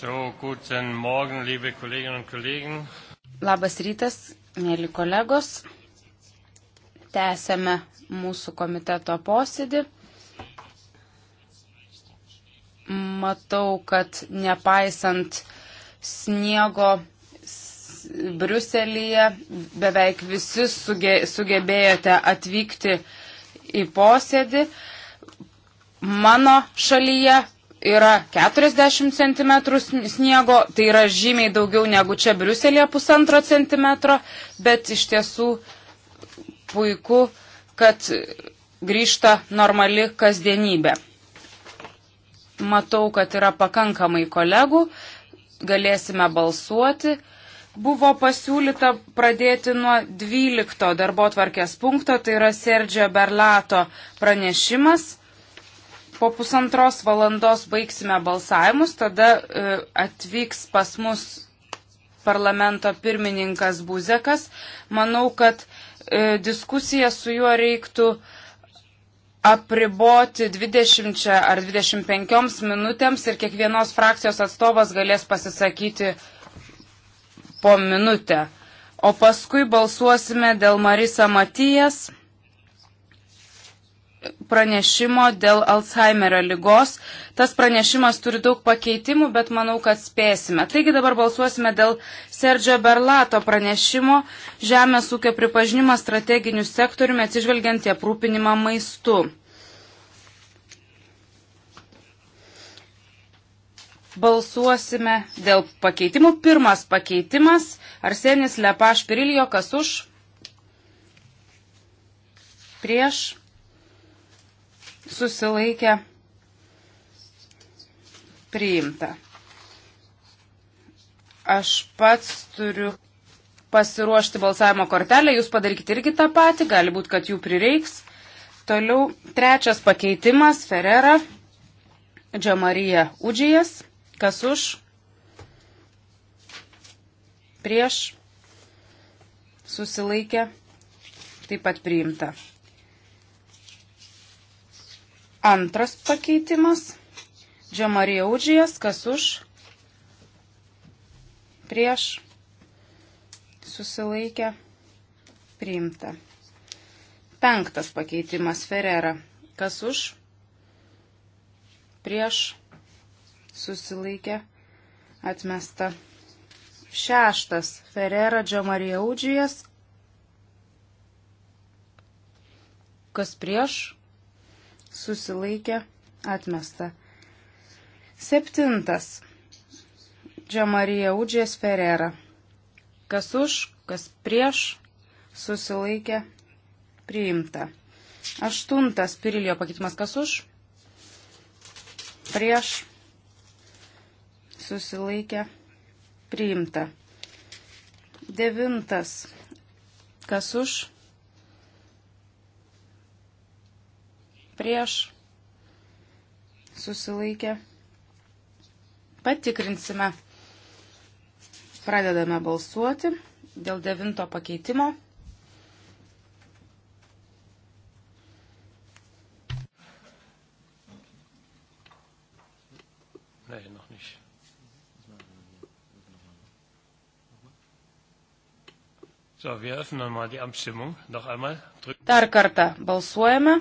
So, guten Morgen, liebe Kolleginnen und Kollegen. Labas rytas, mėly kolegos. Tęsėme mūsų komiteto posėdį. Matau, kad nepaisant sniego Briuselyje beveik visi suge, sugebėjote atvykti į posėdį. Mano šalyje yra 40 cm sniego, tai yra žymiai daugiau negu čia Briuselėje pusantro centimetro, bet iš tiesų puiku, kad grįžta normali kasdienybė. Matau, kad yra pakankamai kolegų, galėsime balsuoti. Buvo pasiūlyta pradėti nuo 12 darbo tvarkės punkto, tai yra Sergio Berlato pranešimas Po pusantros valandos baigsime balsavimus, tada e, atvyks pas mus parlamento pirmininkas Buzekas. Manau, kad e, diskusiją su juo reiktų apriboti 20 ar 25 minutėms ir kiekvienos frakcijos atstovas galės pasisakyti po minutę. O paskui balsuosime dėl Marisa Matijas pranešimo dėl Alzheimerio lygos. Tas pranešimas turi daug pakeitimų, bet manau, kad spėsime. Taigi dabar balsuosime dėl Sergio Berlato pranešimo Žemės ūkio pripažinimas strateginių sektoriumi atsižvelgiant į aprūpinimą maistu. Balsuosime dėl pakeitimų. Pirmas pakeitimas - Arsenis Lepaš Pirilijo, kas už? Prieš susilaikė priimta. Aš pats turiu pasiruošti balsavimo kortelę, jūs padarykite irgi tą patį, gali būti, kad jų prireiks. Toliau trečias pakeitimas, Ferrera, Džamarija Udžijas, kas už, prieš, susilaikė, taip pat priimta. Antras pakeitimas. Džamarija Udžijas, kas už, prieš, susilaikė, priimta. Penktas pakeitimas Ferrera, kas už, prieš, susilaikė, atmesta. Šeštas Ferrera Džamarija Udžijas, kas prieš, susilaikė, atmesta. Septintas. Džamarija Udžės Ferrera. Kas už, kas prieš, susilaikė, priimta. Aštuntas Pirilio pakeitimas kas už, prieš, susilaikė, priimta. Devintas kas už, prieš prieš, susilaikė. Patikrinsime. Pradedame balsuoti dėl devinto pakeitimo. Nee, noch nicht. So, wir öffnen mal die Abstimmung. Noch einmal. Drück. Dar kartą balsuojame.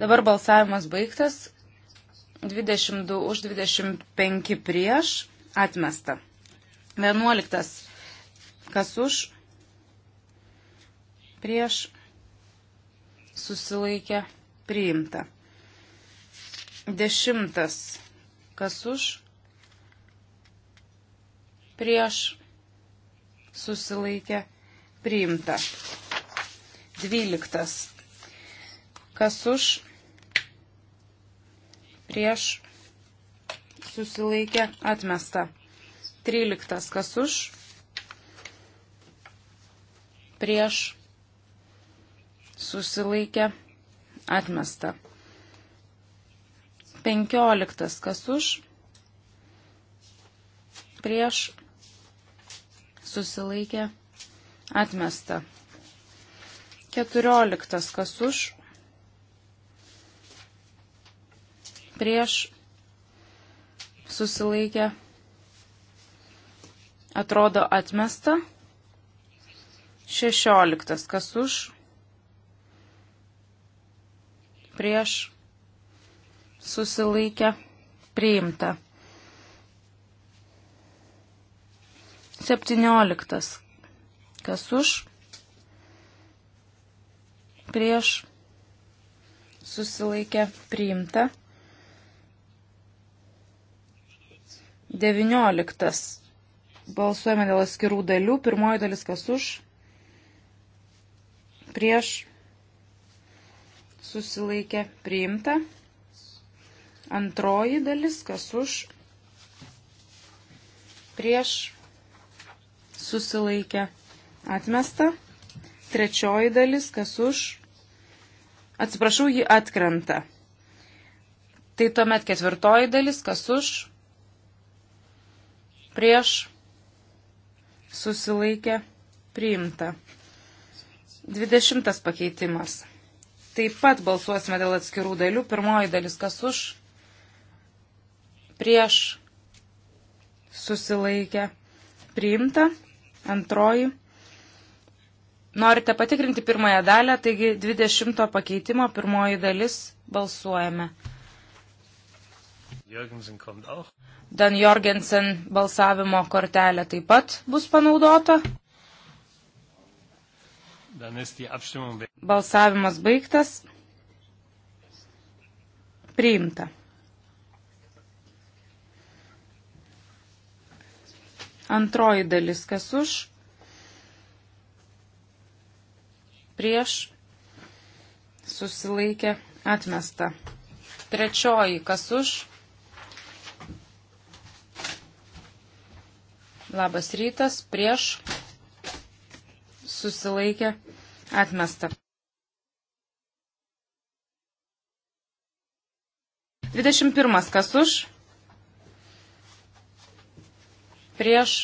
Dabar balsavimas baigtas. 22 už 25 prieš atmesta. 11. Kas už? Prieš susilaikė priimta. 10. Kas už? Prieš susilaikė priimta. 12. Kas už? Prieš susilaikė atmesta. 13. Kas už? Prieš susilaikė atmesta. 15. Kas už? Prieš susilaikė atmesta. 14. Kas už? prieš susilaikė atrodo atmesta. 16. Kas už? Prieš susilaikė priimta. 17. Kas už? Prieš susilaikė priimta. 19. Balsuojame dėl atskirų dalių. Pirmoji dalis kas už, prieš, susilaikė, priimta. Antroji dalis kas už, prieš, susilaikė, atmesta. Trečioji dalis kas už, atsiprašau, ji atkrenta. Tai tuomet ketvirtoji dalis kas už, prieš susilaikė priimta. 20 pakeitimas. Taip pat balsuosime dėl atskirų dalių. Pirmoji dalis kas už, prieš susilaikę priimta. Antroji. Norite patikrinti pirmąją dalę, taigi 20 pakeitimo pirmoji dalis balsuojame. Dan Jorgensen balsavimo kortelė taip pat bus panaudota. Balsavimas baigtas. Priimta. Antroji dalis, kas už, prieš, susilaikė, atmesta. Trečioji, kas už, Labas rytas, prieš susilaikė atmesta. 21. Kas už? Prieš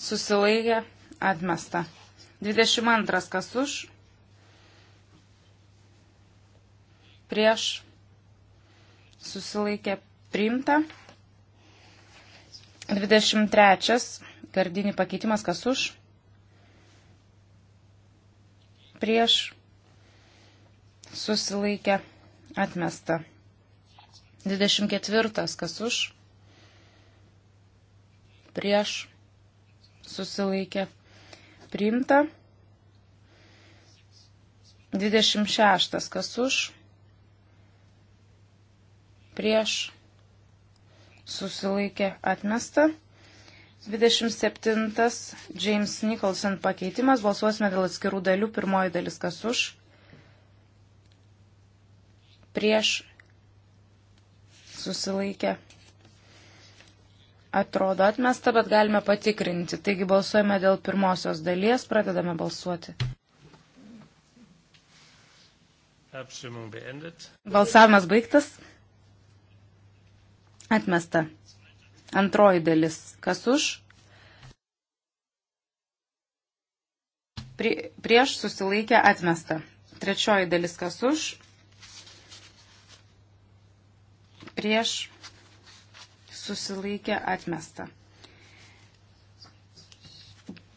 susilaikė atmesta. 22. Kas už? Prieš susilaikė priimta. 23. Gardinį pakeitimas kas už? Prieš susilaikę atmesta. 24. Kas už? Prieš susilaikę priimta. 26. Kas už? Prieš susilaikė atmesta. 27. James Nicholson pakeitimas. Balsuosime dėl atskirų dalių. Pirmoji dalis kas už. Prieš susilaikė. Atrodo atmesta, bet galime patikrinti. Taigi balsuojame dėl pirmosios dalies. Pradedame balsuoti. Balsavimas baigtas. Atmesta. Antroji dalis. Kas už? Prie, prieš susilaikę atmesta. Trečioji dalis. Kas už? Prieš susilaikę atmesta.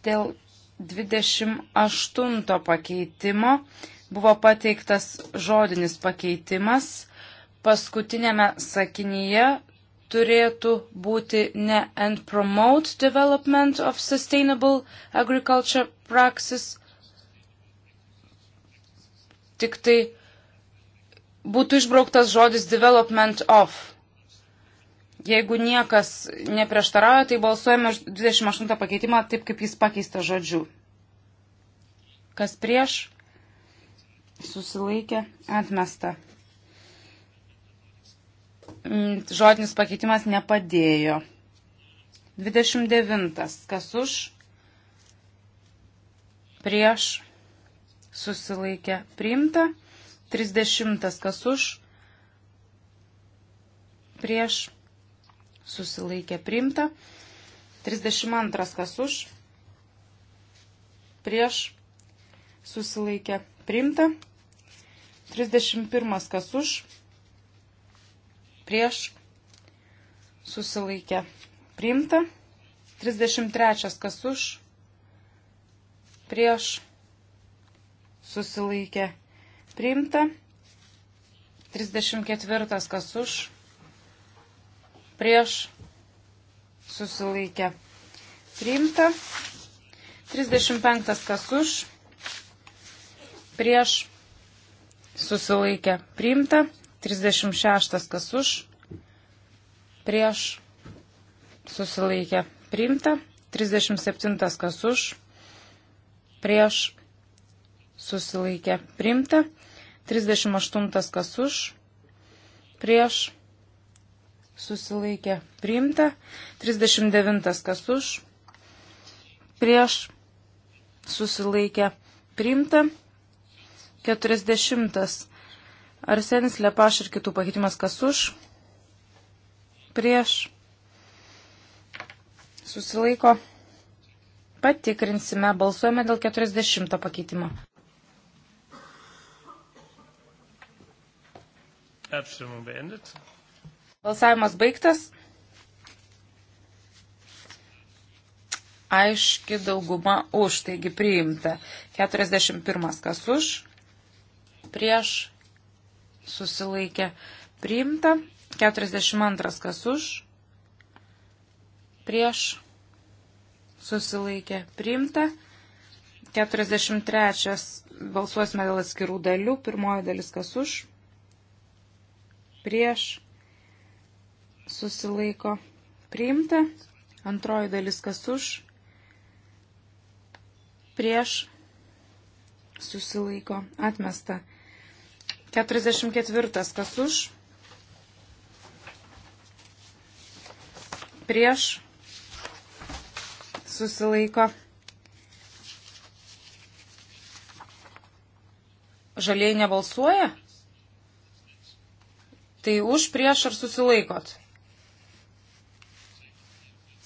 Dėl 28 pakeitimo buvo pateiktas žodinis pakeitimas paskutinėme sakinyje turėtų būti ne and promote development of sustainable agriculture praxis, tik tai būtų išbrauktas žodis development of. Jeigu niekas neprieštarauja, tai balsuojame 28 pakeitimą taip, kaip jis pakeista žodžiu. Kas prieš? Susilaikė, atmesta. Mm, žodinis pakeitimas nepadėjo. 29. Kas už? Prieš susilaikė priimta. 30. Kas už? Prieš susilaikė priimta. 32. Kas už? Prieš susilaikė priimta. 31. Kas už? prieš susilaikė priimta. 33 kas už prieš susilaikė priimta. 34 kas už prieš susilaikė priimta. 35 kas už prieš susilaikė priimta. 36 kas už, prieš susilaikė priimta, 37 kas už, prieš susilaikė priimta, 38 kas už, prieš susilaikė priimta, 39 kas už, prieš susilaikė priimta, 40 kas už Arsenis Lepaš ir kitų pakeitimas kas už, prieš, susilaiko. Patikrinsime, balsuojame dėl 40 pakeitimo. Balsavimas baigtas. Aiški dauguma už, taigi priimta. 41 kas už, prieš susilaikė priimta. 42 kas už, prieš susilaikė priimta. 43 balsuosime dėl atskirų dalių. Pirmoji dalis kas už, prieš susilaiko priimta. Antroji dalis kas už, prieš susilaiko atmesta. 44. Kas už? Prieš susilaiko. Žaliai nebalsuoja? Tai už, prieš ar susilaikot?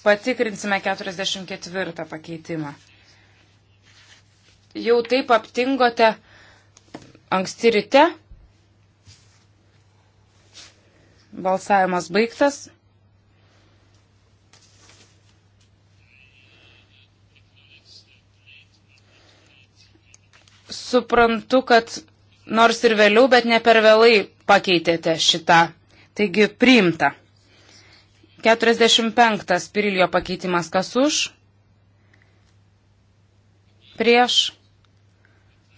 Patikrinsime 44 pakeitimą. Jau taip aptingote anksti ryte, Balsavimas baigtas. Suprantu, kad nors ir vėliau, bet ne per vėlai pakeitėte šitą. Taigi priimta. 45. Pirilio pakeitimas kas už? Prieš.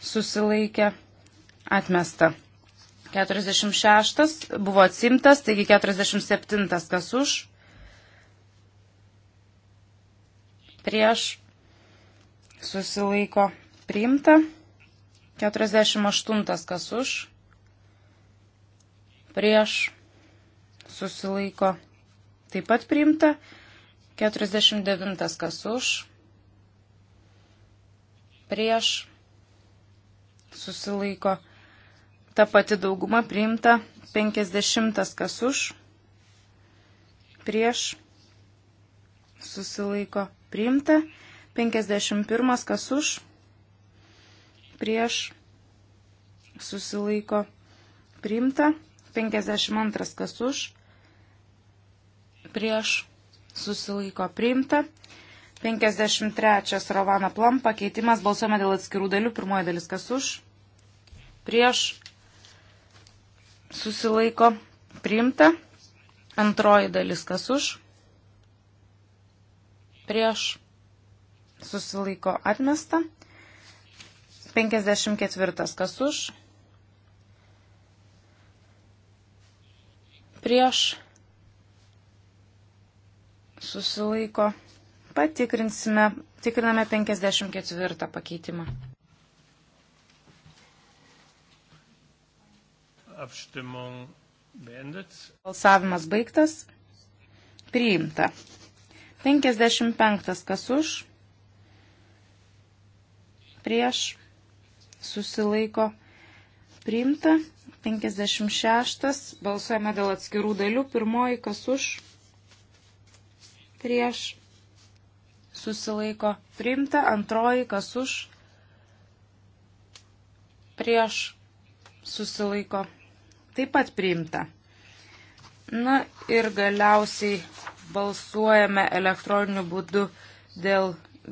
Susilaikė. Atmesta. 46 buvo atsimtas, taigi 47 kas už. Prieš susilaiko priimta. 48 kas už. Prieš susilaiko taip pat priimta. 49 kas už. Prieš susilaiko priimta Ta pati dauguma priimta 50 kas už, prieš susilaiko priimta, 51 kas už, prieš susilaiko priimta, 52 kas už, prieš susilaiko priimta. 53 Rovana Plom pakeitimas balsuojame dėl atskirų dalių. Pirmoji dalis kas už, prieš susilaiko priimta. Antroji dalis kas už, prieš susilaiko atmesta. 54 kas už, prieš susilaiko. Patikrinsime, tikriname 54 pakeitimą. Balsavimas baigtas. Priimta. 55. Kas už? Prieš. Susilaiko. Priimta. 56. Balsuojame dėl atskirų dalių. Pirmoji. Kas už? Prieš. Susilaiko. Priimta. Antroji. Kas už? Prieš. Susilaiko Taip pat priimta. Na ir galiausiai balsuojame elektroniniu būdu dėl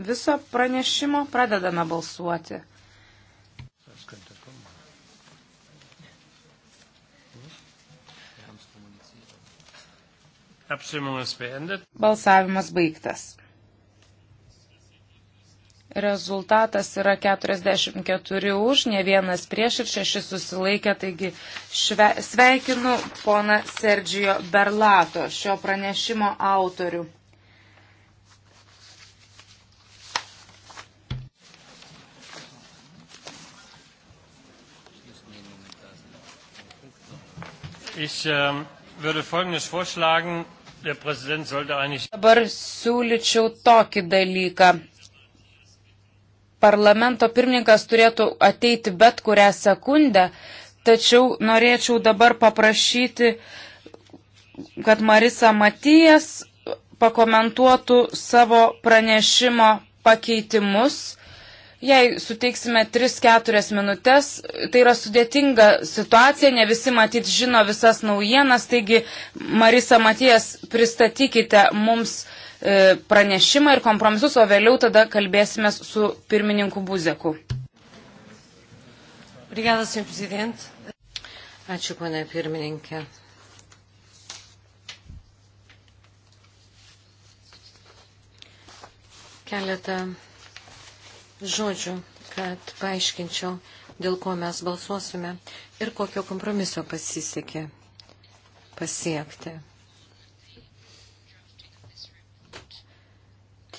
viso pranešimo. Pradedame balsuoti. Balsavimas baigtas. Rezultatas yra 44 už, ne vienas prieš ir šeši susilaikė, taigi šve, sveikinu pona Sergio Berlato, šio pranešimo autorių. Ich ähm, würde Folgendes vorschlagen. Der Präsident sollte eigentlich. Dabar siūlyčiau tokį dalyką parlamento pirmininkas turėtų ateiti bet kurią sekundę, tačiau norėčiau dabar paprašyti, kad Marisa Matijas pakomentuotų savo pranešimo pakeitimus. Jei suteiksime 3-4 minutės, tai yra sudėtinga situacija, ne visi matyt žino visas naujienas, taigi Marisa Matijas pristatykite mums uh, E, pranešimą ir kompromisus, o vėliau tada kalbėsime su pirmininku Buzeku. Obrigada, senhor presidente. Ačiū, ponia pirmininkė. Keletą žodžių, kad paaiškinčiau, dėl ko mes balsuosime ir kokio kompromiso pasisekė pasiekti.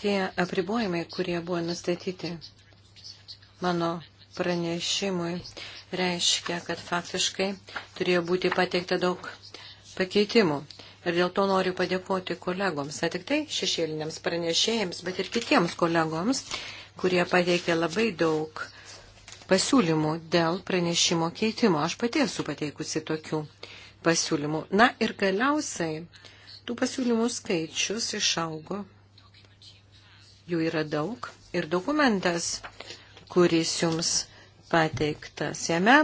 tie apribojimai, kurie buvo nustatyti mano pranešimui, reiškia, kad faktiškai turėjo būti pateikta daug pakeitimų. Ir dėl to noriu padėkoti kolegoms, ne tik tai šešėliniams pranešėjams, bet ir kitiems kolegoms, kurie pateikė labai daug pasiūlymų dėl pranešimo keitimo. Aš pati esu pateikusi tokių pasiūlymų. Na ir galiausiai tų pasiūlymų skaičius išaugo jų yra daug. Ir dokumentas, kuris jums pateiktas jame,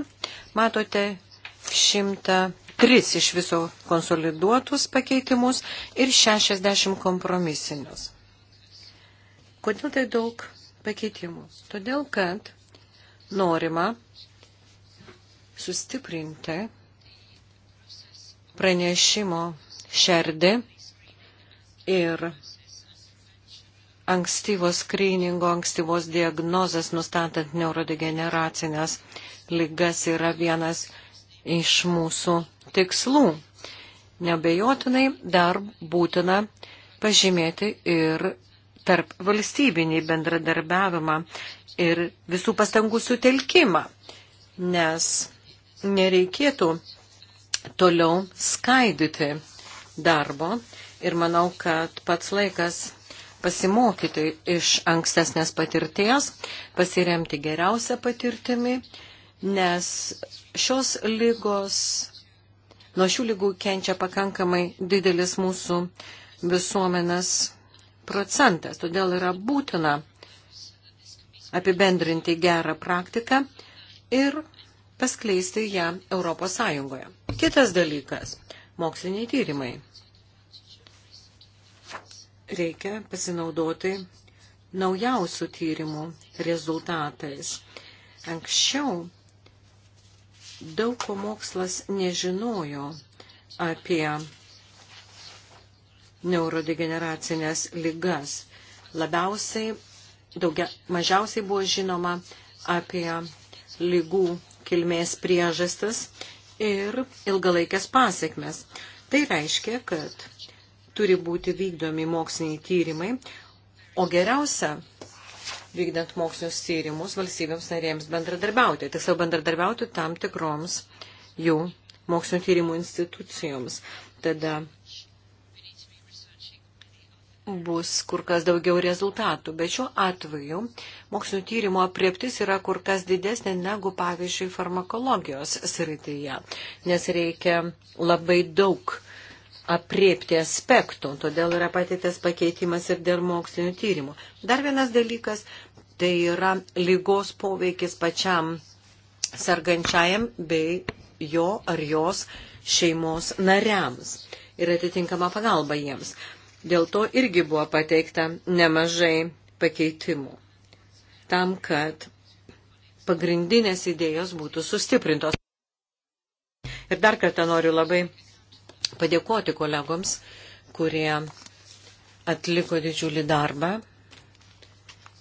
matote 103 iš viso konsoliduotus pakeitimus ir 60 kompromisinius. Kodėl tai daug pakeitimų? Todėl, kad norima sustiprinti pranešimo šerdį ir ankstyvos skryningo, ankstyvos diagnozės nustatant neurodegeneracinės lygas yra vienas iš mūsų tikslų. Nebejotinai dar būtina pažymėti ir tarp valstybinį bendradarbiavimą ir visų pastangų sutelkimą, nes nereikėtų toliau skaidyti darbo ir manau, kad pats laikas pasimokyti iš ankstesnės patirties, pasiremti geriausią patirtimį, nes šios lygos, nuo šių lygų kenčia pakankamai didelis mūsų visuomenės procentas. Todėl yra būtina apibendrinti gerą praktiką ir paskleisti ją Europos Sąjungoje. Kitas dalykas – moksliniai tyrimai reikia pasinaudoti naujausių tyrimų rezultatais. Anksčiau daug ko mokslas nežinojo apie neurodegeneracinės lygas. Labiausiai, daugia, mažiausiai buvo žinoma apie lygų kilmės priežastis ir ilgalaikės pasiekmes. Tai reiškia, kad turi būti vykdomi moksliniai tyrimai, o geriausia vykdant mokslinius tyrimus valstybėms narėms bendradarbiauti, tiksliau bendradarbiauti tam tikroms jų mokslinio tyrimų institucijoms. Tada bus kur kas daugiau rezultatų, bet šiuo atveju mokslinio tyrimo apriptis yra kur kas didesnė negu, pavyzdžiui, farmakologijos srityje, nes reikia labai daug apriepti aspektų, todėl yra patytas pakeitimas ir dėl mokslinio tyrimų. Dar vienas dalykas - tai yra lygos poveikis pačiam sargančiajam bei jo ar jos šeimos nariams ir atitinkama pagalba jiems. Dėl to irgi buvo pateikta nemažai pakeitimų tam, kad pagrindinės idėjos būtų sustiprintos. Ir dar kartą noriu labai padėkoti kolegoms, kurie atliko didžiulį darbą.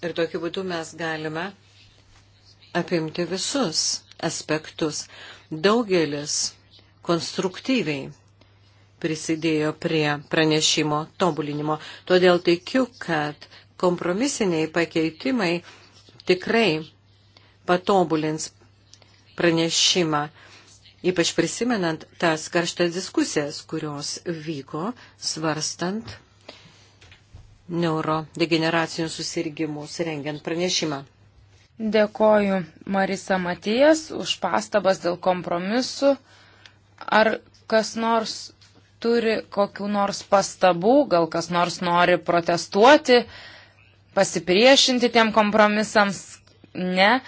Ir tokiu būdu mes galime apimti visus aspektus. Daugelis konstruktyviai prisidėjo prie pranešimo tobulinimo. Todėl teikiu, kad kompromisiniai pakeitimai tikrai patobulins pranešimą ypač prisimenant tas karštas diskusijas, kurios vyko svarstant neurodegeneracinius susirgymus, rengiant pranešimą. Dėkoju Marisa Matijas už pastabas dėl kompromisu. Ar kas nors turi kokių nors pastabų, gal kas nors nori protestuoti, pasipriešinti tiem kompromisams? Ne.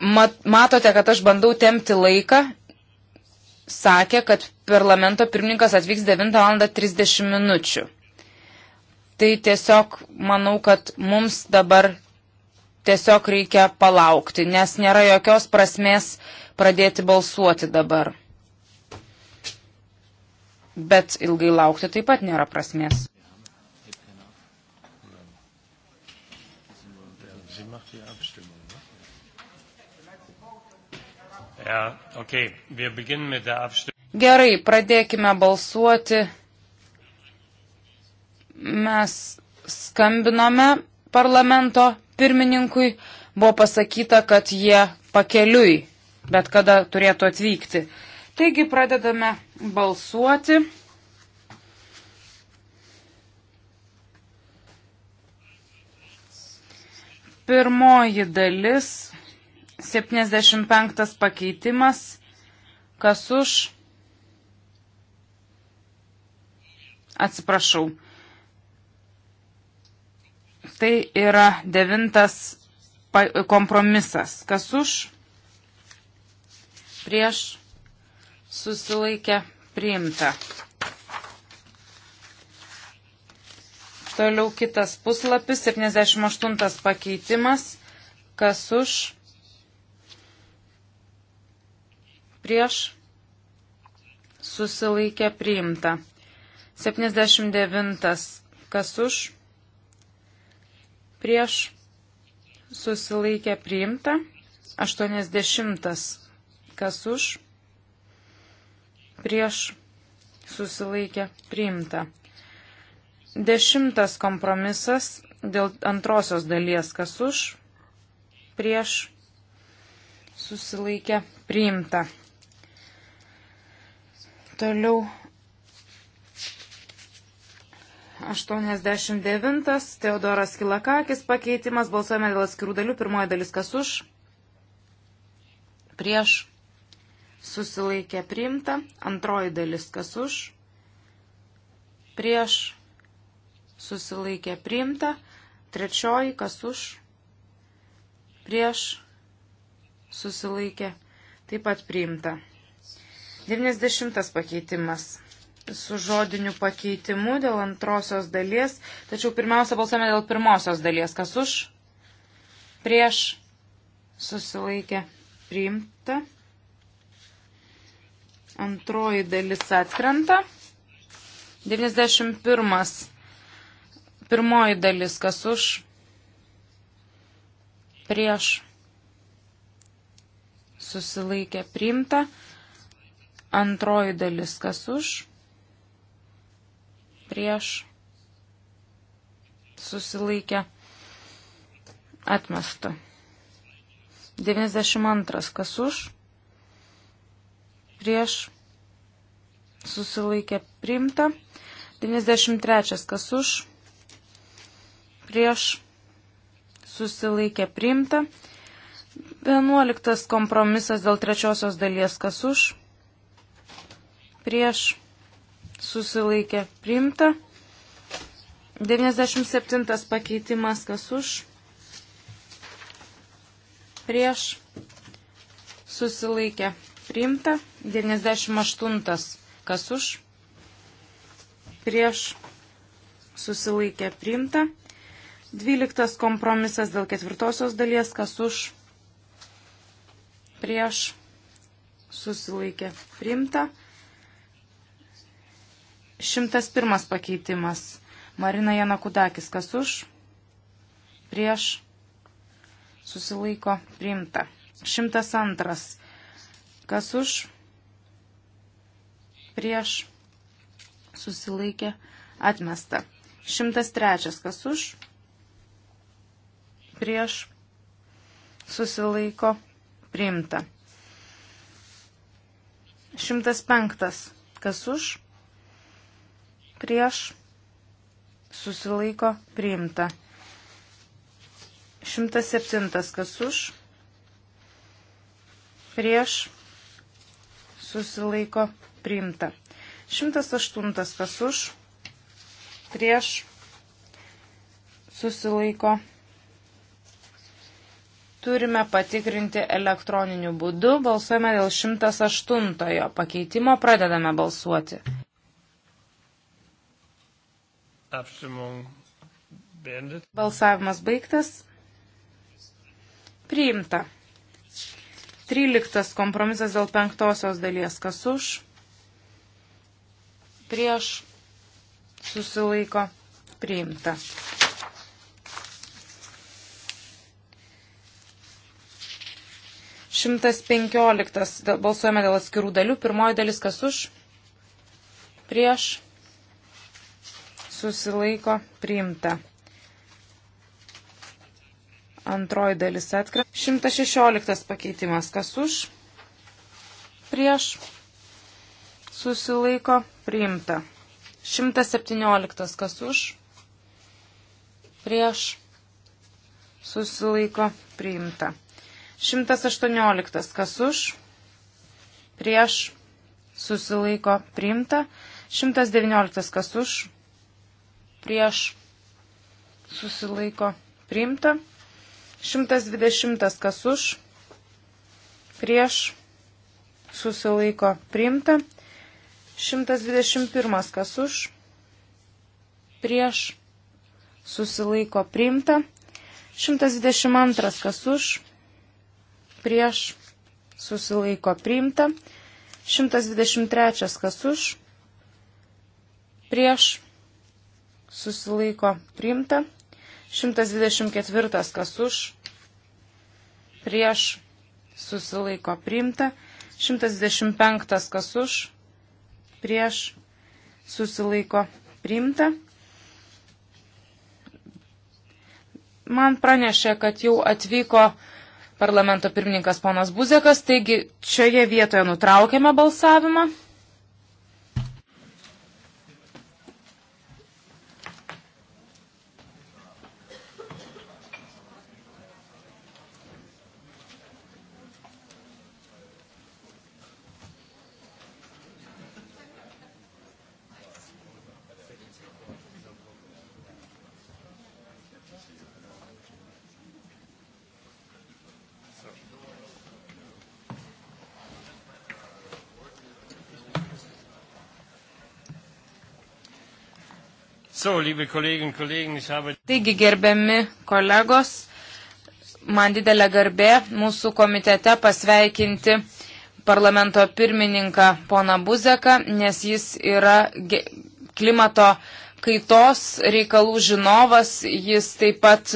Mat, matote, kad aš bandau temti laiką sakė, kad parlamento pirmininkas atvyks 9 val. 30 minučių. Tai tiesiog manau, kad mums dabar tiesiog reikia palaukti, nes nėra jokios prasmės pradėti balsuoti dabar. Bet ilgai laukti taip pat nėra prasmės. Ja, okay. Gerai, pradėkime balsuoti. Mes skambinome parlamento pirmininkui, buvo pasakyta, kad jie pakeliui, bet kada turėtų atvykti. Taigi pradedame balsuoti. Pirmoji dalis 75 pakeitimas. Kas už? Atsiprašau. Tai yra devintas kompromisas. Kas už? Prieš susilaikę priimta. Toliau kitas puslapis, 78 pakeitimas, kas už prieš susilaikė priimta. 79 kas už prieš susilaikė priimta. 80 kas už prieš susilaikė priimta. Dešimtas kompromisas dėl antrosios dalies kas už prieš susilaikė priimta. Toliau 89. Teodoras Kilakakis pakeitimas. Balsuojame dėl atskirų dalių. Pirmoji dalis kas už. Prieš. Susilaikė priimta. Antroji dalis kas už. Prieš. Susilaikė priimta. Trečioji kas už. Prieš. Susilaikė. Taip pat priimta. 90 pakeitimas su žodiniu pakeitimu dėl antrosios dalies, tačiau pirmiausia balsuojame dėl pirmosios dalies. Kas už? Prieš susilaikė priimta. Antroji dalis atkrenta. 91. Pirmoji dalis kas už? Prieš susilaikė priimta. Antroji dalis kas už, prieš, susilaikę, atmesta. 92 kas už, prieš, susilaikę, priimta. 93 kas už, prieš, susilaikę, priimta. 11 kompromisas dėl trečiosios dalies kas už prieš susilaikė priimta. 97 pakeitimas kas už prieš susilaikė priimta. 98 kas už prieš susilaikė priimta. 12 kompromisas dėl ketvirtosios dalies kas už prieš susilaikė priimta. 101 pakeitimas. Marina Janakudakis, kas už? Prieš. Susilaiko priimta. 102. Kas už? Prieš. Susilaikė. Atmesta. 103. Kas už? Prieš. Susilaiko. Priimta. 105. Kas už? prieš, susilaiko priimta. 107 kas už, prieš, susilaiko priimta. 108 kas už, prieš, susilaiko. Turime patikrinti elektroniniu būdu, balsuojame dėl 108 pakeitimo, pradedame balsuoti. Balsavimas baigtas. Priimta. 13 kompromisas dėl penktosios dalies. Kas už? Prieš susilaiko. Priimta. Šimtas penkioliktas balsuojame dėl atskirų dalių. Pirmoji dalis kas už? Prieš susilaiko priimta. Antroji dalis atkra. 116 pakeitimas. Kas už? Prieš. Susilaiko. Priimta. 117. Kas už? Prieš. Susilaiko. Priimta. 118. Kas už? Prieš. Susilaiko. Priimta. 119. Kas už? prieš susilaiko priimta. 120 kas už prieš susilaiko priimta. 121 kas už prieš susilaiko priimta. 122 kas už prieš susilaiko priimta. 123 kas už prieš susilaiko priimta. 124 kas už, prieš susilaiko priimta. 125 kas už, prieš susilaiko priimta. Man pranešė, kad jau atvyko parlamento pirmininkas ponas Buzekas, taigi šioje vietoje nutraukėme balsavimą. So, liebe Kolleginnen und Kollegen, ich habe... Taigi, gerbiami kolegos, man didelė garbė mūsų komitete pasveikinti parlamento pirmininką poną Buzeką, nes jis yra klimato kaitos reikalų žinovas, jis taip pat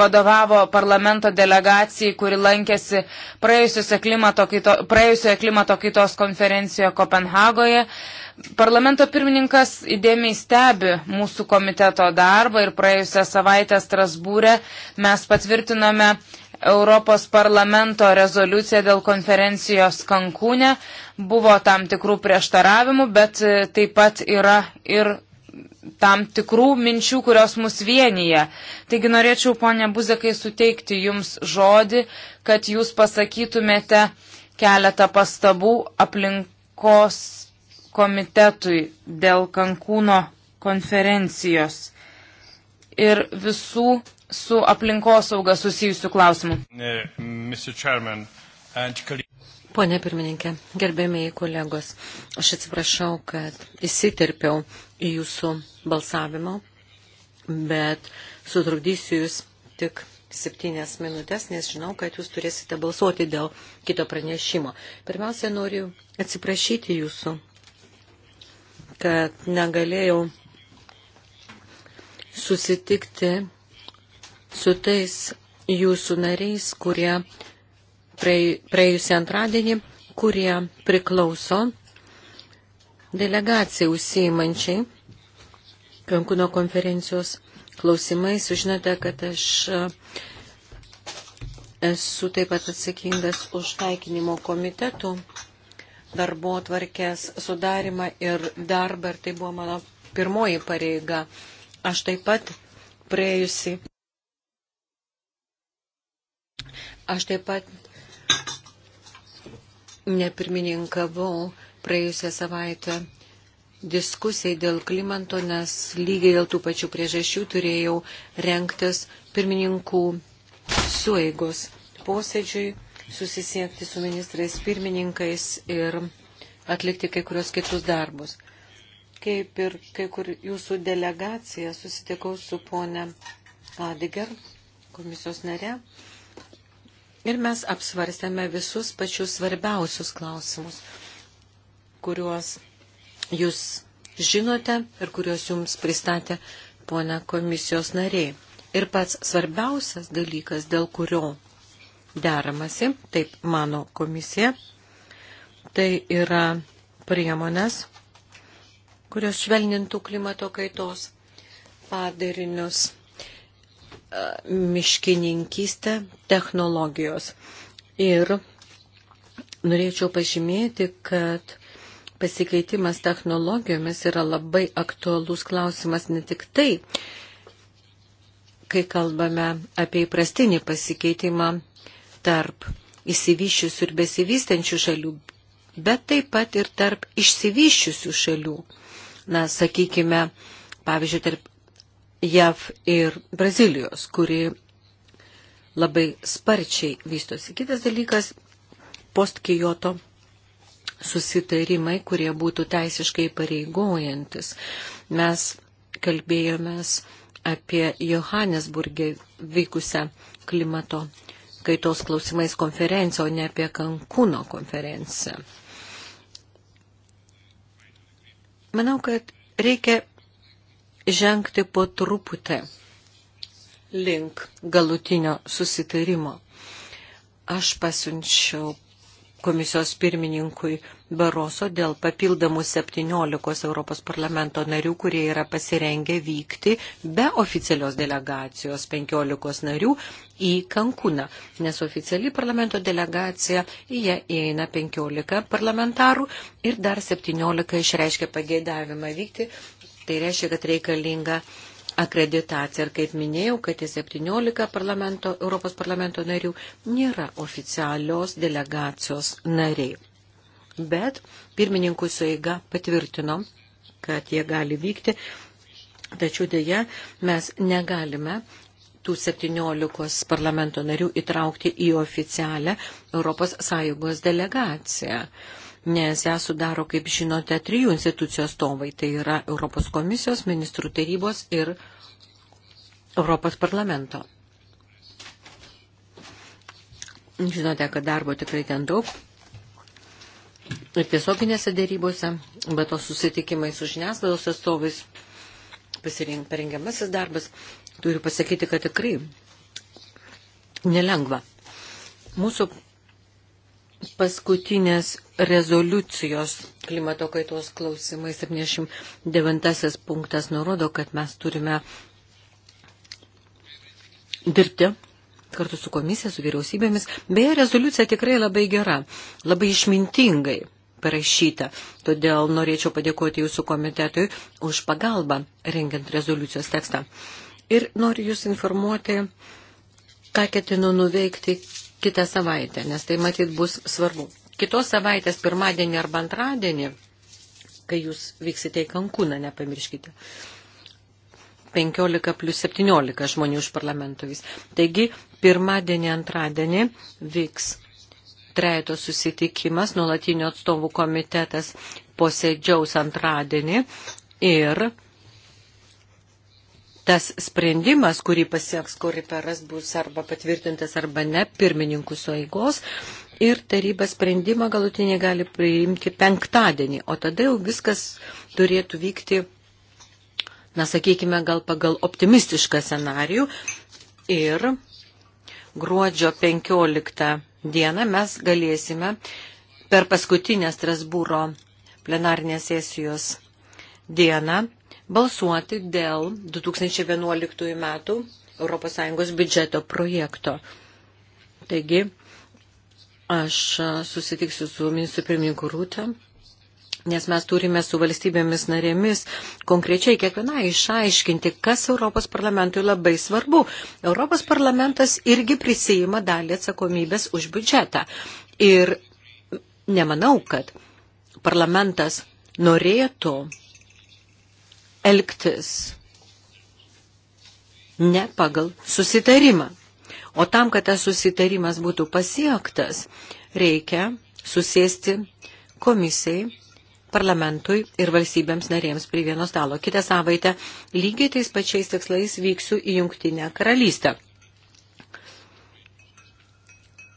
vadovavo parlamento delegacijai, kuri lankėsi praėjusioje klimato, kaito, praėjusioje klimato kaitos konferencijoje Kopenhagoje. Parlamento pirmininkas įdėmiai stebi mūsų komiteto darbą ir praėjusią savaitę Strasbūrę mes patvirtinome Europos parlamento rezoliucija dėl konferencijos Kankūne. Buvo tam tikrų prieštaravimų, bet e, taip pat yra ir tam tikrų minčių, kurios mus vienyje. Taigi norėčiau, ponė Buzekai, suteikti Jums žodį, kad Jūs pasakytumėte keletą pastabų aplinkos komitetui dėl Kankūno konferencijos ir visų su aplinkosauga susijusių klausimų. Pone pirmininkė, gerbėmiai kolegos, aš atsiprašau, kad įsiterpiau į jūsų balsavimą, bet sutrukdysiu jūs tik septynias minutės, nes žinau, kad jūs turėsite balsuoti dėl kito pranešimo. Pirmiausia, noriu atsiprašyti jūsų kad negalėjau susitikti su tais jūsų nariais, kurie praėjusią antradienį, kurie priklauso delegacijai užsiimančiai Kankūno konferencijos klausimais. Žinote, kad aš esu taip pat atsakingas už taikinimo komitetų darbo tvarkės sudarimą ir darbą ir tai buvo mano pirmoji pareiga. Aš taip pat praėjusi. Aš taip pat nepirmininkavau praėjusią savaitę diskusijai dėl klimato, nes lygiai dėl tų pačių priežasčių turėjau renktis pirmininkų sueigos posėdžiui susisiekti su ministrais pirmininkais ir atlikti kai kurios kitus darbus. Kaip ir kai kur jūsų delegacija susitikau su ponė Adiger, komisijos nare, ir mes apsvarstėme visus pačius svarbiausius klausimus, kuriuos jūs žinote ir kuriuos jums pristatė ponė komisijos nariai. Ir pats svarbiausias dalykas, dėl kurio deramasi, taip mano komisija. Tai yra priemonės, kurios švelnintų klimato kaitos padarinius e, miškininkystė technologijos. Ir norėčiau pažymėti, kad pasikeitimas technologijomis yra labai aktualus klausimas ne tik tai, kai kalbame apie įprastinį pasikeitimą tarp įsivyščiusių ir besivystančių šalių, bet taip pat ir tarp išsivyščiusių šalių. Na, sakykime, pavyzdžiui, tarp JAV ir Brazilijos, kuri labai sparčiai vystosi. Kitas dalykas - postkijoto susitarimai, kurie būtų teisiškai pareigojantis. Mes kalbėjomės apie Johannesburgė vykusią klimato kaitos klausimais konferenciją, o ne apie Kankūno konferenciją. Manau, kad reikia žengti po truputį link galutinio susitarimo. Aš pasiunčiau komisijos pirmininkui Baroso dėl papildomų 17 Europos parlamento narių, kurie yra pasirengę vykti be oficialios delegacijos 15 narių į Kankuną, nes oficiali parlamento delegacija į ją įeina 15 parlamentarų ir dar 17 išreiškia pageidavimą vykti. Tai reiškia, kad reikalinga akreditaciją. Ir kaip minėjau, kad 17 parlamento, Europos parlamento narių nėra oficialios delegacijos nariai. Bet pirmininkų suiga patvirtino, kad jie gali vykti, tačiau dėja mes negalime tų 17 parlamento narių įtraukti į oficialią Europos Sąjungos delegaciją nes ją sudaro, kaip žinote, trijų institucijų atstovai. Tai yra Europos komisijos, ministrų tarybos ir Europos parlamento. Žinote, kad darbo tikrai ten daug. Ir tiesioginėse dėrybose, bet to susitikimai su žiniasklaidos atstovais, pasirengiamasis darbas, turiu pasakyti, kad tikrai nelengva. Mūsų paskutinės rezoliucijos klimato kaitos klausimai 79 punktas nurodo, kad mes turime dirbti kartu su komisija, su vyriausybėmis. Beje, rezoliucija tikrai labai gera, labai išmintingai parašyta. Todėl norėčiau padėkoti jūsų komitetui už pagalbą rengiant rezoliucijos tekstą. Ir noriu jūs informuoti, ką ketinu nuveikti kitą savaitę, nes tai matyt bus svarbu. Kitos savaitės pirmadienį arba antradienį, kai jūs vyksite į Kankūną, nepamirškite. 15 plus 17 žmonių iš parlamento vis. Taigi, pirmadienį, antradienį vyks trejato susitikimas, nuolatinio atstovų komitetas posėdžiaus antradienį ir tas sprendimas, kurį pasieks koriperas, bus arba patvirtintas arba ne pirmininkų suaigos. Ir taryba sprendimą galutinį gali priimti penktadienį, o tada jau viskas turėtų vykti, na, sakykime, gal pagal optimistišką scenarių. Ir gruodžio 15 dieną mes galėsime per paskutinę Strasbūro plenarnės sesijos dieną balsuoti dėl 2011 metų ES biudžeto projekto. Taigi, aš susitiksiu su ministru pirmininku Rūtą, nes mes turime su valstybėmis narėmis konkrečiai kiekvieną išaiškinti, kas Europos parlamentui labai svarbu. Europos parlamentas irgi prisijima dalį atsakomybės už biudžetą. Ir nemanau, kad parlamentas norėtų elgtis ne pagal susitarimą. O tam, kad tas susitarimas būtų pasiektas, reikia susėsti komisijai, parlamentui ir valstybėms narėms prie vieno stalo. Kitą savaitę lygiai tais pačiais tikslais vyksiu į Jungtinę karalystę.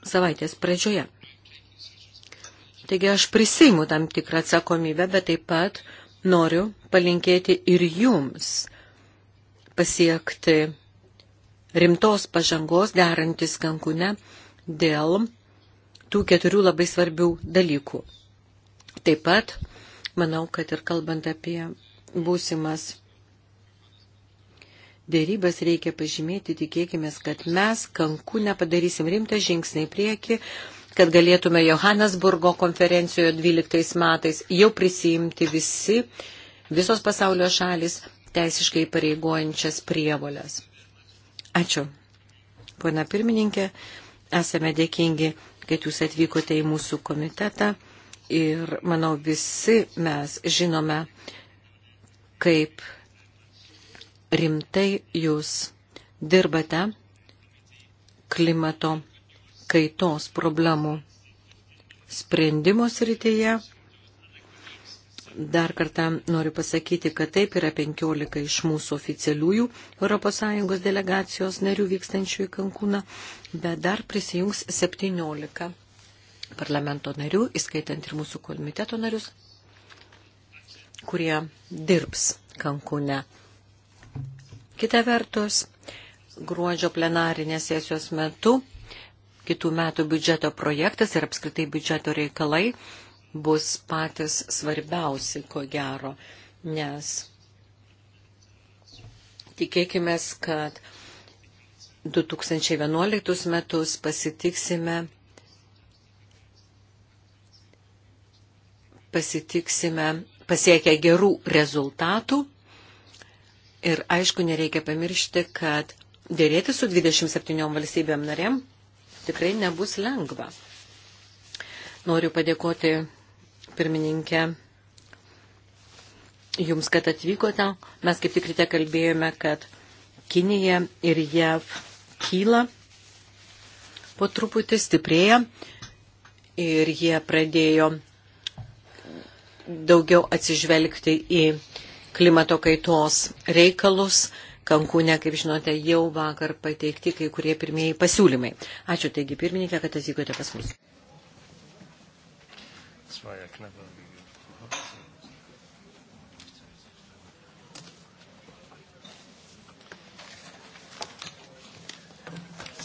Savaitės pradžioje. Taigi aš prisimu tam tikrą atsakomybę, bet taip pat noriu palinkėti ir jums pasiekti rimtos pažangos derantis Kankune dėl tų keturių labai svarbių dalykų. Taip pat, manau, kad ir kalbant apie būsimas dėrybas reikia pažymėti, tikėkime, kad mes Kankune padarysim rimtą žingsnį į priekį, kad galėtume Johannesburgo konferencijoje 12 metais jau prisijimti visi visos pasaulio šalis teisiškai pareigojančias prievolės. Ačiū. Pone pirmininkė, esame dėkingi, kad jūs atvykote į mūsų komitetą ir, manau, visi mes žinome, kaip rimtai jūs dirbate klimato kaitos problemų sprendimo srityje Dar kartą noriu pasakyti, kad taip yra 15 iš mūsų oficialiųjų ES delegacijos narių vykstančių į Kankūną, bet dar prisijungs 17 parlamento narių, įskaitant ir mūsų komiteto narius, kurie dirbs Kankūne. Kita vertus, gruodžio plenarinės sesijos metu kitų metų biudžeto projektas ir apskritai biudžeto reikalai bus patys svarbiausi, ko gero, nes tikėkime, kad 2011 metus pasitiksime, pasitiksime pasiekę gerų rezultatų ir aišku, nereikia pamiršti, kad dėrėti su 27 valstybėm narėm tikrai nebus lengva. Noriu padėkoti pirmininkė, jums, kad atvykote. Mes kaip tik ryte kalbėjome, kad Kinija ir JAV kyla, po truputį stiprėja ir jie pradėjo daugiau atsižvelgti į klimato kaitos reikalus. Kankūne, kaip žinote, jau vakar pateikti kai kurie pirmieji pasiūlymai. Ačiū taigi pirmininkė, kad atvykote pas mus.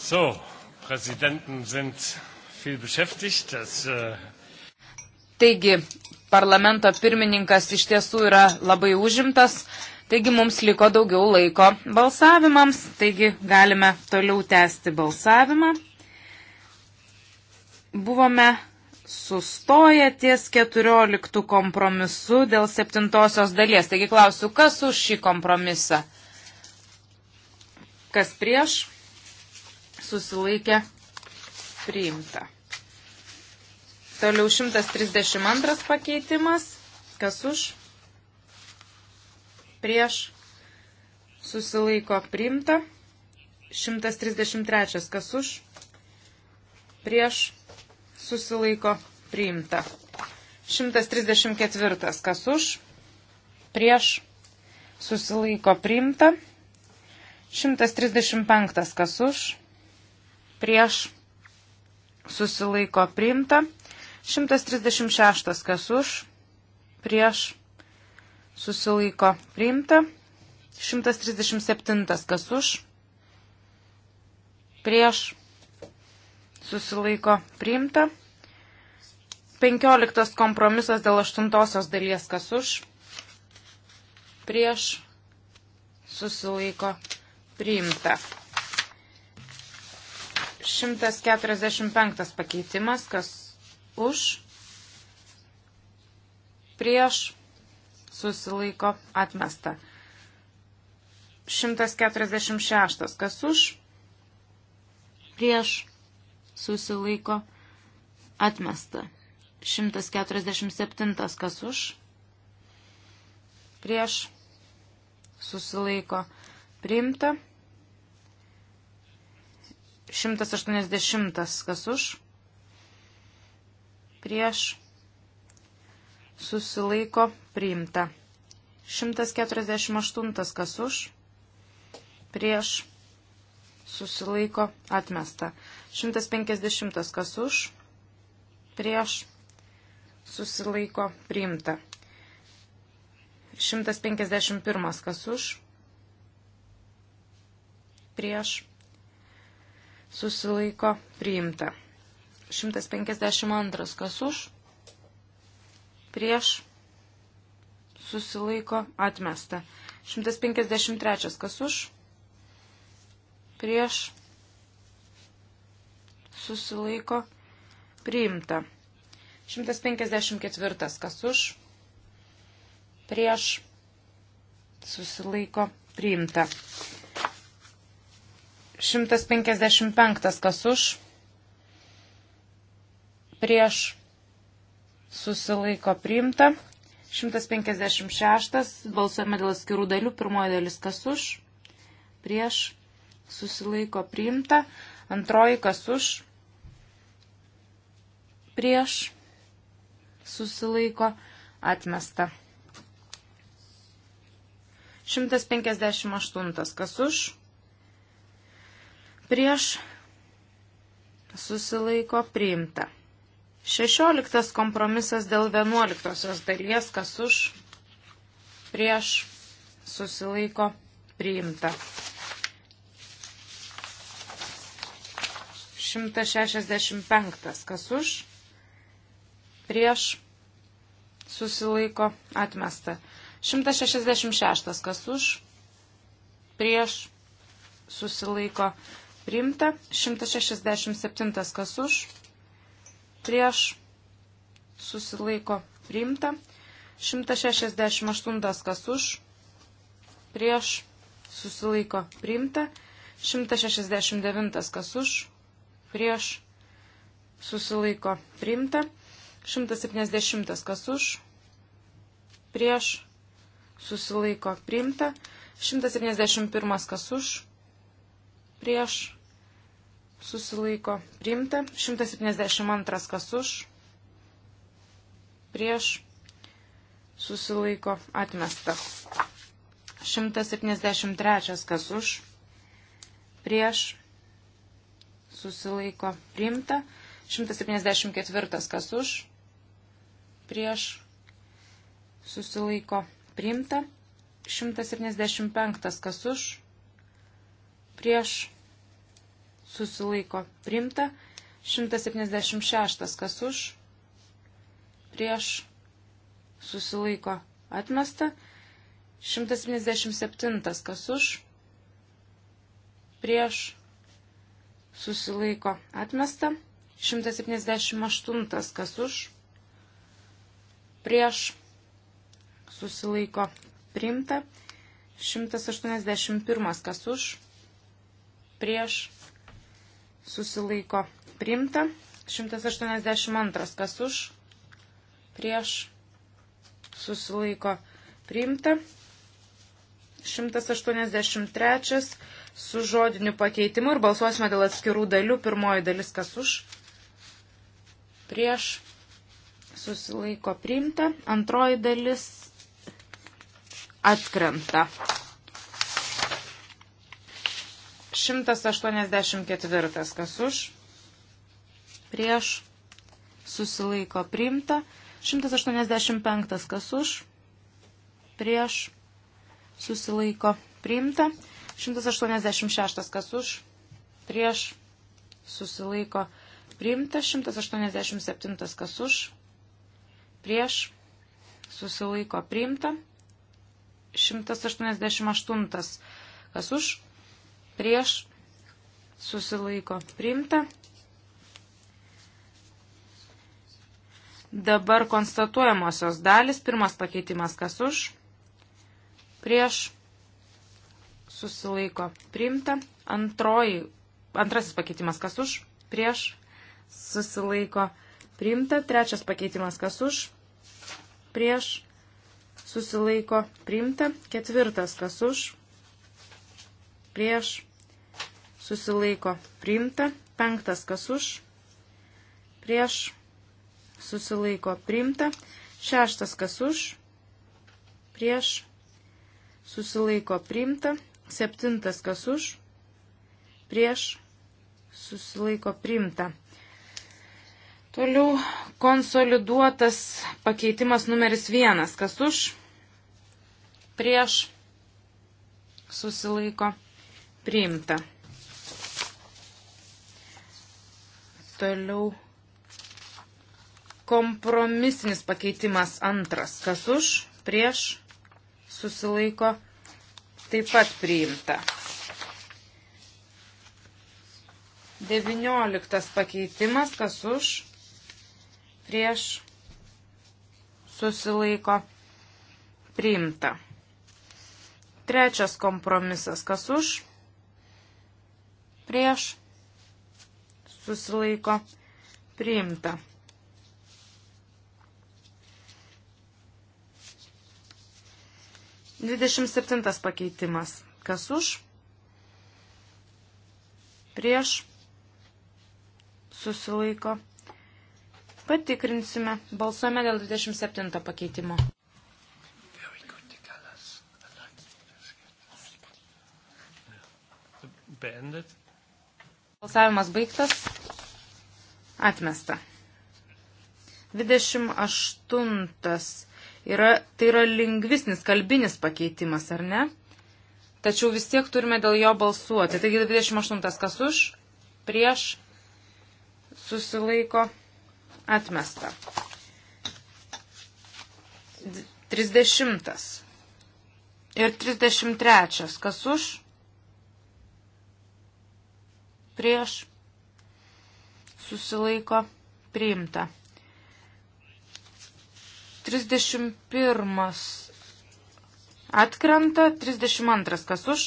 So, Präsidenten sind viel beschäftigt. Das, uh... Taigi, parlamento pirmininkas iš tiesų yra labai užimtas, taigi mums liko daugiau laiko balsavimams, taigi galime toliau tęsti balsavimą. Buvome sustoję ties 14 kompromisu dėl septintosios dalies. Taigi klausiu, kas už šį kompromisą? Kas prieš? susilaikė priimta. Toliau 132 pakeitimas, kas už, prieš, susilaiko priimta. 133 kas už, prieš, susilaiko priimta. 134 kas už, prieš, susilaiko priimta. 135 kas už, prieš susilaiko priimta. 136 kas už, prieš susilaiko priimta. 137 kas už, prieš susilaiko priimta. 15 kompromisas dėl 8 dalies kas už, prieš susilaiko priimta. 145 pakeitimas, kas už, prieš, susilaiko, atmesta. 146, kas už, prieš, susilaiko, atmesta. 147, kas už, prieš, susilaiko, priimta. 180. Kas už? Prieš. Susilaiko. Priimta. 148. Kas už? Prieš. Susilaiko. Atmesta. 150. Kas už? Prieš. Susilaiko. Priimta. 151. Kas už? Prieš susilaiko priimta. 152 kas už, prieš, susilaiko atmesta. 153 kas už, prieš, susilaiko priimta. 154 kas už, prieš, susilaiko priimta. 155 kas už, prieš susilaiko priimta. 156 balsuojame dėl skirų dalių, pirmoji dalis kas už, prieš susilaiko priimta, antroji kas už, prieš susilaiko atmesta. 158 kas už prieš susilaiko priimta. Šešioliktas kompromisas dėl vienuoliktosios dalies, kas už, prieš, susilaiko, priimta. 165, kas už, prieš, susilaiko, atmesta. 166, kas už, prieš, susilaiko, atmesta priimta, 167 kas už, prieš susilaiko priimta, 168 kas už, prieš susilaiko priimta, 169 kas už, prieš susilaiko priimta, 170 kas už, prieš susilaiko priimta, 171 kas už, prieš susilaiko priimta. 172 kas už prieš susilaiko atmesta. 173 kas už prieš susilaiko priimta. 174 kas už prieš susilaiko priimta. 175 kas už prieš susilaiko priimta. 176 kas už, prieš susilaiko atmesta. 177 kas už, prieš susilaiko atmesta. 178 kas už, prieš susilaiko priimta. 181 kas už, prieš susilaiko atmesta susilaiko priimta. 182 kas už, prieš susilaiko priimta. 183 su žodiniu pakeitimu ir balsuosime dėl atskirų dalių. Pirmoji dalis kas už, prieš susilaiko priimta. Antroji dalis atkrenta. 184. Kas už? Prieš. Susilaiko priimta. 185. Kas už? Prieš. Susilaiko priimta. 186. Kas už? Prieš. Susilaiko priimta. 187. Kas už? Prieš. Susilaiko priimta. 188. Kas už? prieš, susilaiko priimta. Dabar konstatuojamosios dalis, pirmas pakeitimas kas už, prieš, susilaiko priimta. Antroji, antrasis pakeitimas kas už, prieš, susilaiko priimta. Trečias pakeitimas kas už, prieš, susilaiko priimta. Ketvirtas kas už, prieš, susilaiko priimta, penktas kas už, prieš, susilaiko priimta, šeštas kas už, prieš, susilaiko priimta, septintas kas už, prieš, susilaiko priimta. Toliau konsoliduotas pakeitimas numeris vienas, kas už, prieš, susilaiko priimta Priimta. Toliau kompromisinis pakeitimas antras. Kas už, prieš, susilaiko, taip pat priimta. Devynioliktas pakeitimas, kas už, prieš, susilaiko, priimta. Trečias kompromisas, kas už, prieš, susilaiko, priimta. Dvidešimt septintas pakeitimas. Kas už? Prieš, susilaiko. Patikrinsime. Balsuojame dėl 27 pakeitimo. beendet. Balsavimas baigtas. Atmesta. 28 yra, tai yra lingvisnis, kalbinis pakeitimas, ar ne? Tačiau vis tiek turime dėl jo balsuoti. Taigi 28 kas už, prieš, susilaiko, atmesta. 30. Ir 33 kas už, prieš susilaiko priimta. 31 atkrenta, 32 kas už,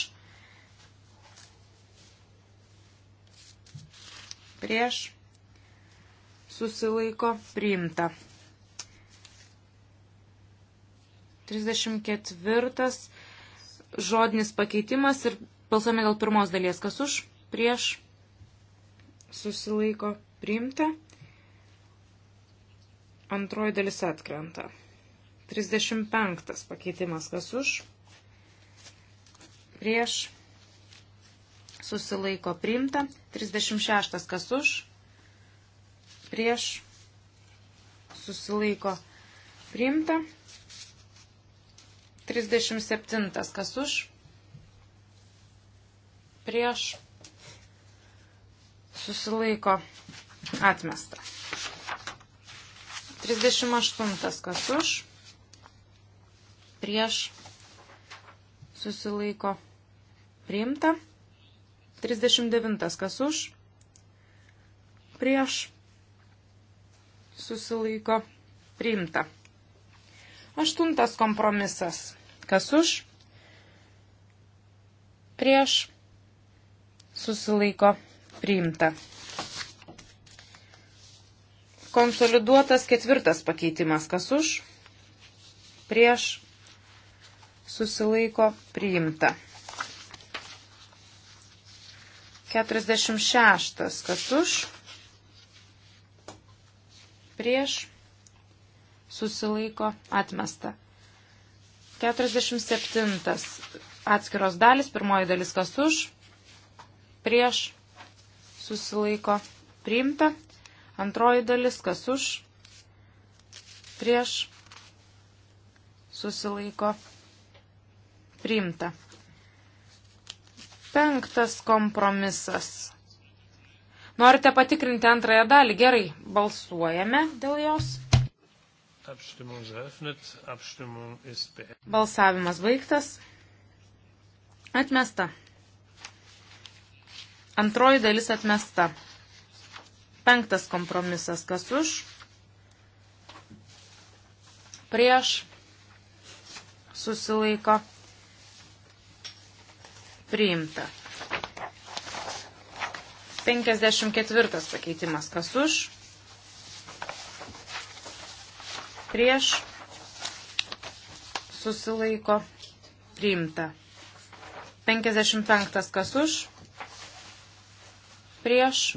prieš susilaiko priimta. 34 žodinis pakeitimas ir balsuojame dėl pirmos dalies, kas už, prieš susilaiko priimta. Antroji dalis atkrenta. 35 pakeitimas kas už. Prieš susilaiko priimta. 36 kas už. Prieš susilaiko priimta. 37 kas už. Prieš susilaiko atmesta. 38 kas už, prieš susilaiko priimta. 39 kas už, prieš susilaiko priimta. Aštuntas kompromisas. Kas už, prieš susilaiko priimta priimta. Konsoliduotas ketvirtas pakeitimas, kas už, prieš, susilaiko, priimta. 46, kas už, prieš, susilaiko, atmesta. 47, atskiros dalis, pirmoji dalis, kas už, prieš, susilaiko priimta. Antroji dalis, kas už, prieš, susilaiko priimta. Penktas kompromisas. Norite patikrinti antrąją dalį? Gerai, balsuojame dėl jos. Balsavimas baigtas. Atmesta. Antroji dalis atmesta. Penktas kompromisas. Kas už? Prieš. Susilaiko. Priimta. 54 pakeitimas. Kas už? Prieš. Susilaiko. Priimta. 55 kas už? prieš,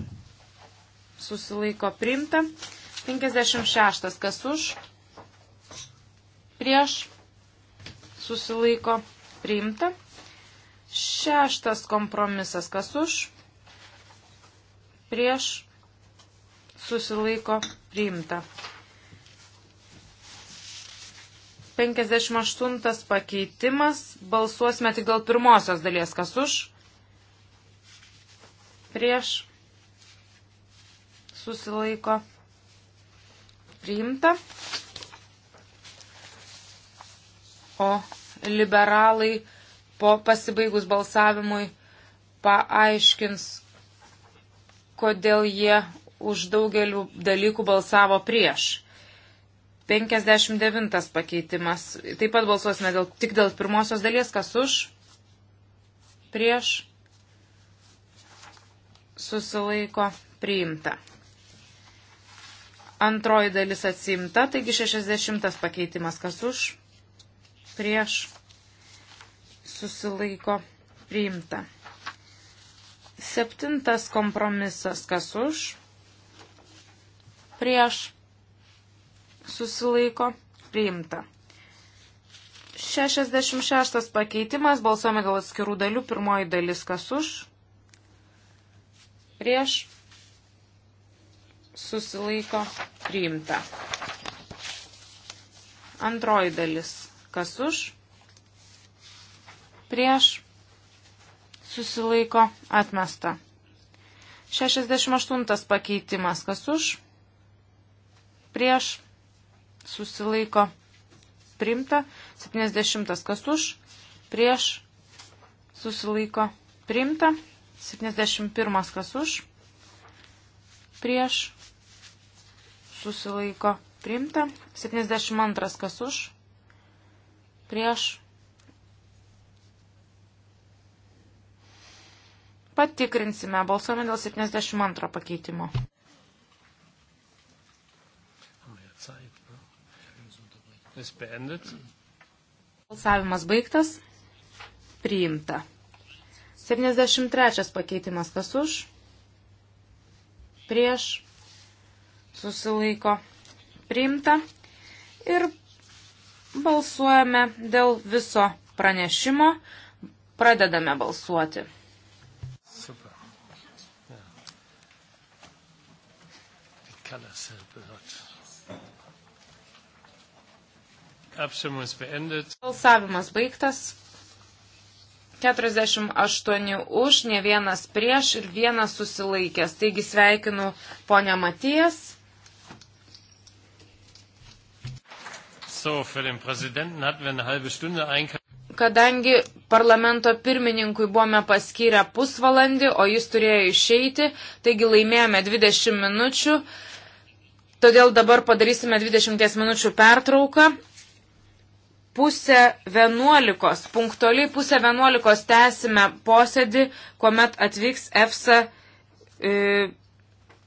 susilaiko priimta. 56 kas už, prieš, susilaiko priimta. Šeštas kompromisas kas už, prieš, susilaiko priimta. 58 pakeitimas, balsuosime tik dėl pirmosios dalies kas už prieš susilaiko priimta. O liberalai po pasibaigus balsavimui paaiškins, kodėl jie už daugelių dalykų balsavo prieš. 59 pakeitimas. Taip pat balsuosime dėl, tik dėl pirmosios dalies, kas už, prieš, susilaiko priimta. Antroji dalis atsimta, taigi 60 pakeitimas kas už, prieš, susilaiko priimta. Septintas kompromisas kas už, prieš, susilaiko priimta. 66 pakeitimas, balsuome gal atskirų dalių, pirmoji dalis kas už, prieš susilaiko priimta. Antroji dalis, kas už, prieš susilaiko atmesta. 68 pakeitimas, kas už, prieš susilaiko priimta. 70 kas už, prieš susilaiko priimta. 71 kas už, prieš, susilaiko priimta, 72 kas už, prieš, patikrinsime, balsuojame dėl 72 pakeitimo. Oh, Balsavimas baigtas, priimta. 73 pakeitimas kas už, prieš, susilaiko priimta. Ir balsuojame dėl viso pranešimo. Pradedame balsuoti. Super. Balsavimas baigtas. 48 už, ne vienas prieš ir vienas susilaikęs. Taigi sveikinu ponę Matijas. So, Kadangi parlamento pirmininkui buvome paskyrę pusvalandį, o jis turėjo išeiti, taigi laimėjome 20 minučių. Todėl dabar padarysime 20 minučių pertrauką pusę vienuolikos, punktualiai pusę vienuolikos tęsime posėdį, kuomet atvyks EFSA e,